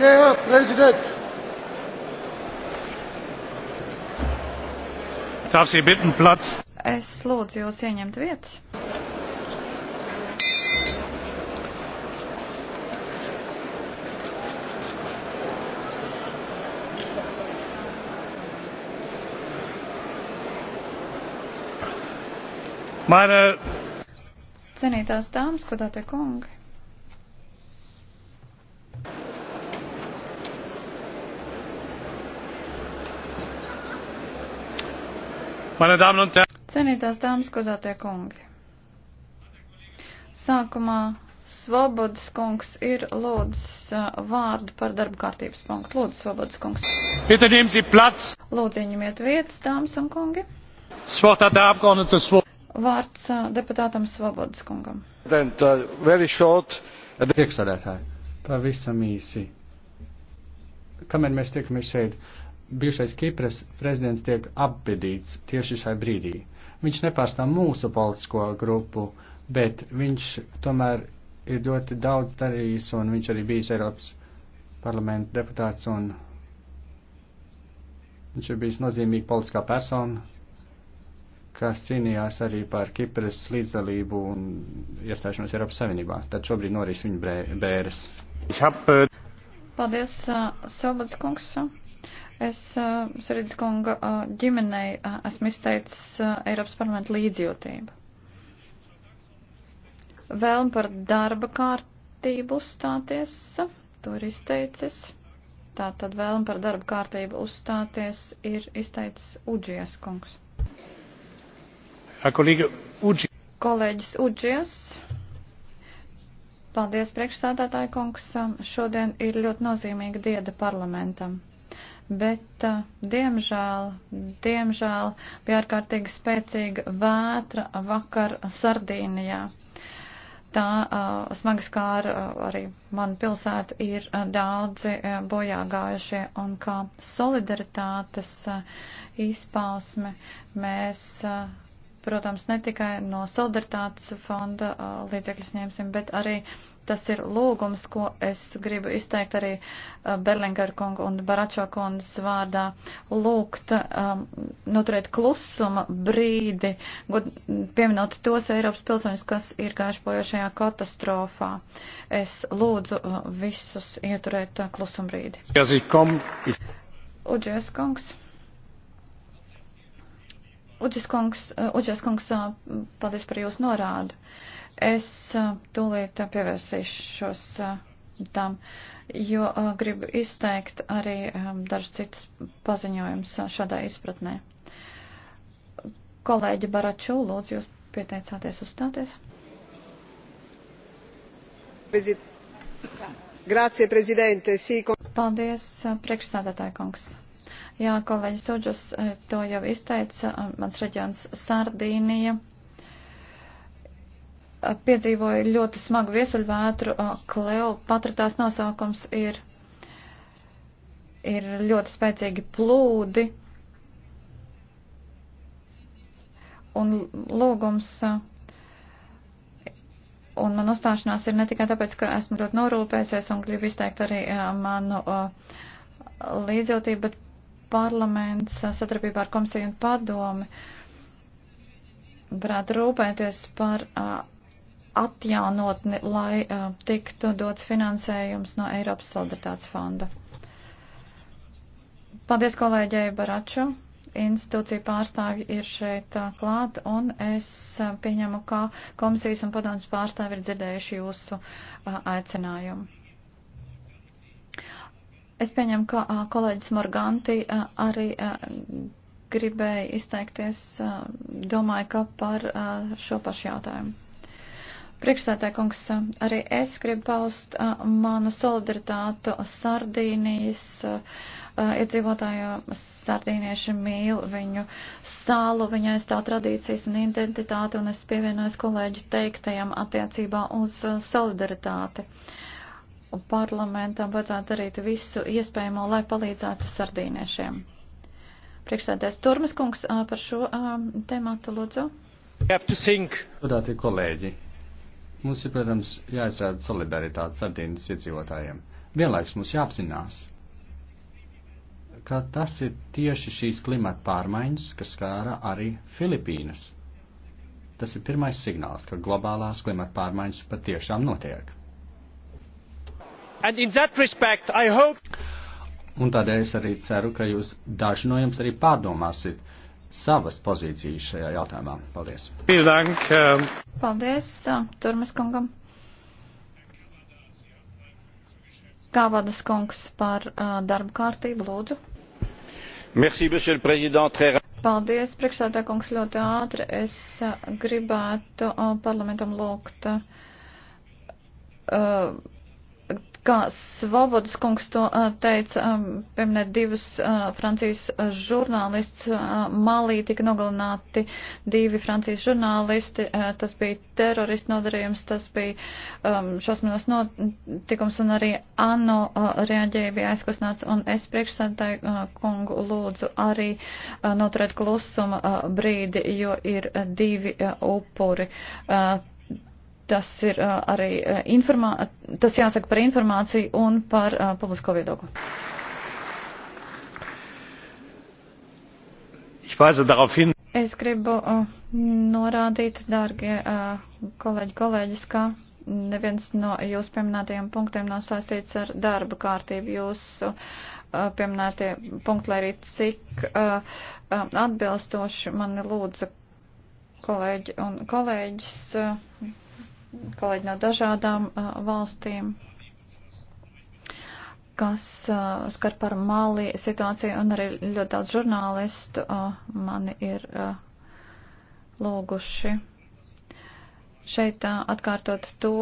Der Präsident! Darf Sie bitten, Platz? Es lūdzu jūs ieņemt vietas. Meine Cienītās dāmas, godātie kungi! Cenītās dāmas, godātie kungi. Sākumā Svobodas kungs ir lūdzis uh, vārdu par darba kārtības punktu. Lūdzu, Svobodas kungs. Lūdzu, ieņemiet vietas, dāmas un kungi. Vārds uh, deputātam Svobodas kungam. Uh, Priekšsādētāji, pavisam īsi. Kamēr mēs tiekamies šeit, bijušais Kipras prezidents tiek apbedīts tieši šai brīdī. Viņš nepārstāv mūsu politisko grupu, bet viņš tomēr ir ļoti daudz darījis, un viņš arī bijis Eiropas parlamenta deputāts, un viņš ir bijis nozīmīga politiskā persona, kas cīnījās arī par Kipras līdzdalību un iestāšanos Eiropas Savienībā. Tad šobrīd noris viņa bēres. Paldies, uh, Sobats kungs. Es uh, Sarīdz kunga uh, ģimenei uh, esmu izteicis uh, Eiropas parlamenta līdzjūtību. Vēlm par darba kārtību uzstāties, to ir izteicis. Tātad vēlm par darba kārtību uzstāties ir izteicis Uģies kungs. Kolēģis Uģies. Paldies, priekšstādātāja kungs. Šodien ir ļoti nozīmīga dieda parlamentam bet, uh, diemžēl, diemžēl bija ārkārtīgi spēcīga vētra vakar Sardīnijā. Tā uh, smagi skāra uh, arī manu pilsētu ir uh, daudzi uh, bojā gājušie un kā solidaritātes uh, izpausme mēs. Uh, protams, ne tikai no solidaritātes fonda līdzekļus ņemsim, bet arī tas ir lūgums, ko es gribu izteikt arī Berlingar kungu un Baračo kundas vārdā lūgt um, noturēt klusuma brīdi, gud, pieminot tos Eiropas pilsoņus, kas ir gājuši bojošajā katastrofā. Es lūdzu uh, visus ieturēt uh, klusuma brīdi. Uģies kungs. Uģis kungs, eh, Uģis kungs, eh, paldies par jūsu norādu. Es eh, tūlīt pievērsīšos tam, jo gribu izteikt arī dažus citus paziņojumus šādā izpratnē. Kolēģi Baraču, lūdzu, jūs pieteicāties uzstāties. Paldies, priekšsādātāja kungs. Jā, kolēģis Oģus e, to jau izteica, e, mans reģions Sardīnija e, piedzīvoja ļoti smagu viesuļvētru, Kleopatra tās nosaukums ir, ir ļoti spēcīgi plūdi. Un lūgums un man uzstāšanās ir ne tikai tāpēc, ka esmu ļoti norūpēsies un gribu izteikt arī manu līdzjūtību, bet parlaments sadarbībā ar komisiju un padomi varētu rūpēties par atjaunotni, lai tiktu dots finansējums no Eiropas solidaritātes fonda. Paldies kolēģei Baraču. Institūcija pārstāvji ir šeit klāt, un es pieņemu, ka komisijas un padomas pārstāvji ir dzirdējuši jūsu aicinājumu. Es pieņemu, ka kolēģis Morganti arī gribēja izteikties, domāju, ka par šo pašu jautājumu. Priekšstādā kungs, arī es gribu paust manu solidaritātu Sardīnijas iedzīvotāju. Sardīnieši mīl viņu salu, viņa aizstāv tradīcijas un identitāti, un es pievienojos kolēģu teiktajam attiecībā uz solidaritāti. Uh, parlamentam vajadzētu darīt visu iespējamo, lai palīdzētu sardīniešiem. Priekšsēdēs Turmas kungs par šo tēmātu lūdzu. Godātie kolēģi, mums ir, protams, jāizrāda solidaritāte sardīnas iedzīvotājiem. Vienlaiks mums jāapzinās, ka tas ir tieši šīs klimata pārmaiņas, kas skāra arī Filipīnas. Tas ir pirmais signāls, ka globālās klimata pārmaiņas patiešām notiek. Respect, hope... Un tādēļ es arī ceru, ka jūs daži no jums arī pārdomāsiet savas pozīcijas šajā jautājumā. Paldies. Ähm, Paldies Turmas kungam. Kāvadas kungs par uh, darba kārtību, lūdzu. Merci, monsieur le président. Très... Paldies, priekšsēdā kungs, ļoti ātri. Es gribētu uh, parlamentam lūgt. Uh, Kā Svobodas kungs to teica, pieminēt divus Francijas žurnālistus, Malī tika nogalināti divi Francijas žurnālisti, tas bija teroristu nodarījums, tas bija šausminos notikums un arī ANO reaģēja, bija aizkustināts un es priekšsēdētāju kungu lūdzu arī noturēt klusuma brīdi, jo ir divi upuri Tas ir uh, arī informā tas jāsaka par informāciju un par uh, publisko viedokli. Es gribu uh, norādīt, dārgie uh, kolēģi, kolēģis, ka neviens no jūsu pieminētajiem punktiem nav saistīts ar darba kārtību. Jūsu uh, pieminētie punkti, lai arī cik uh, uh, atbilstoši mani lūdza kolēģi un kolēģis. Uh, kolēģi no dažādām uh, valstīm, kas uh, skar par Mali situāciju, un arī ļoti daudz žurnālistu uh, mani ir uh, lūguši šeit uh, atkārtot to,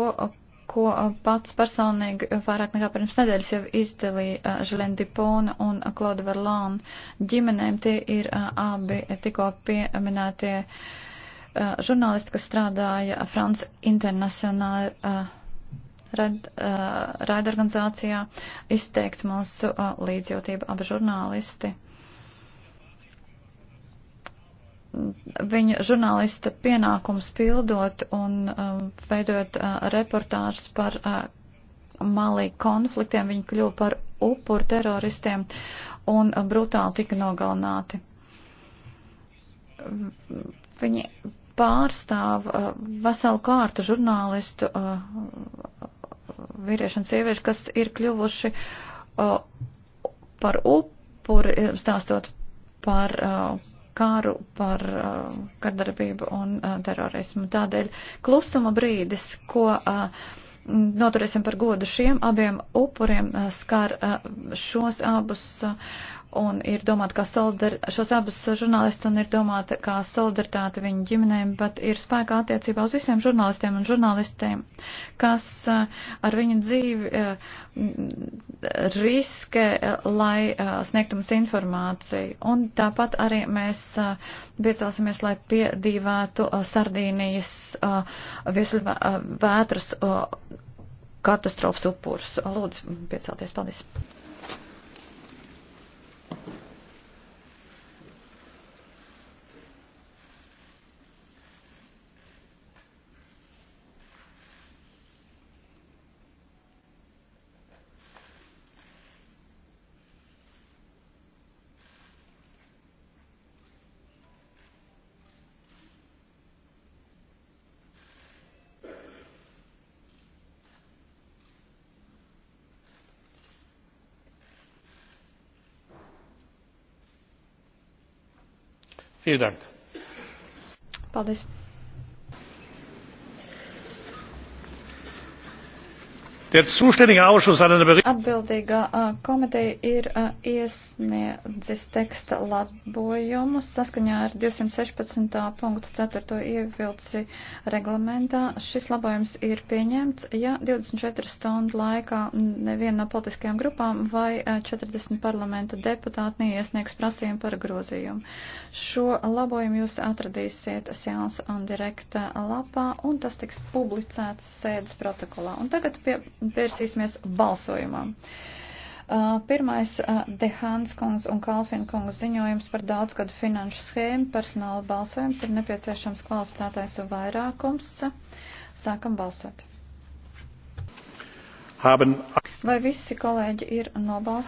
ko uh, pats personīgi vairāk nekā pirms nedēļas jau izdalīja uh, Žilēna Dipona un Klauda Verlāna ģimenēm. Tie ir abi tikko pieminētie. Uh, Uh, žurnālisti, kas strādāja France International uh, uh, raidorganizācijā, izteikt mūsu līdzjūtību abi žurnālisti. Viņa žurnālista pienākums pildot un veidot reportāžas par malī konfliktiem, viņi kļuva par upuru teroristiem un brutāli tika nogalināti. Viņi pārstāv uh, veselu kārtu žurnālistu uh, vīriešu un sieviešu, kas ir kļuvuši uh, par upuri, stāstot par uh, kāru, par uh, kardarbību un uh, terorismu. Tādēļ klusuma brīdis, ko. Uh, Noturēsim par godu šiem abiem upuriem, uh, skar uh, šos abus uh, un ir domāta kā solidaritāte, šos abus žurnālistus un ir domāta kā solidaritāte viņu ģimenēm, bet ir spēkā attiecībā uz visiem žurnālistiem un žurnālistiem, kas eh, ar viņu dzīvi eh, riskē, eh, lai sniegtu mums informāciju. Un tāpat arī mēs piecelsimies, lai piedīvētu Sardīnijas viesuļvētras katastrofas upurus. Lūdzu, piecelties, paldies! Vielen Dank! Paldies! Atbildīgā komiteja ir iesniedzis teksta labojumu saskaņā ar 216.4. ievilci reglamentā. Šis labojums ir pieņemts, ja 24 stundu laikā neviena no politiskajām grupām vai 40 parlamenta deputāti neiesniegs prasījumu par grozījumu. Šo labojumu jūs atradīsiet Sjāns un direkta lapā, un tas tiks publicēts sēdes protokolā. Un tagad pie vērsīsimies balsojumam. Uh, pirmais uh, Dehāns kungs un Kalfin kungs ziņojums par daudzgadu finanšu schēmu personāla balsojums ir nepieciešams kvalificētais vairākums. Sākam balsot. Haben. Vai visi kolēģi ir nobalsojuši?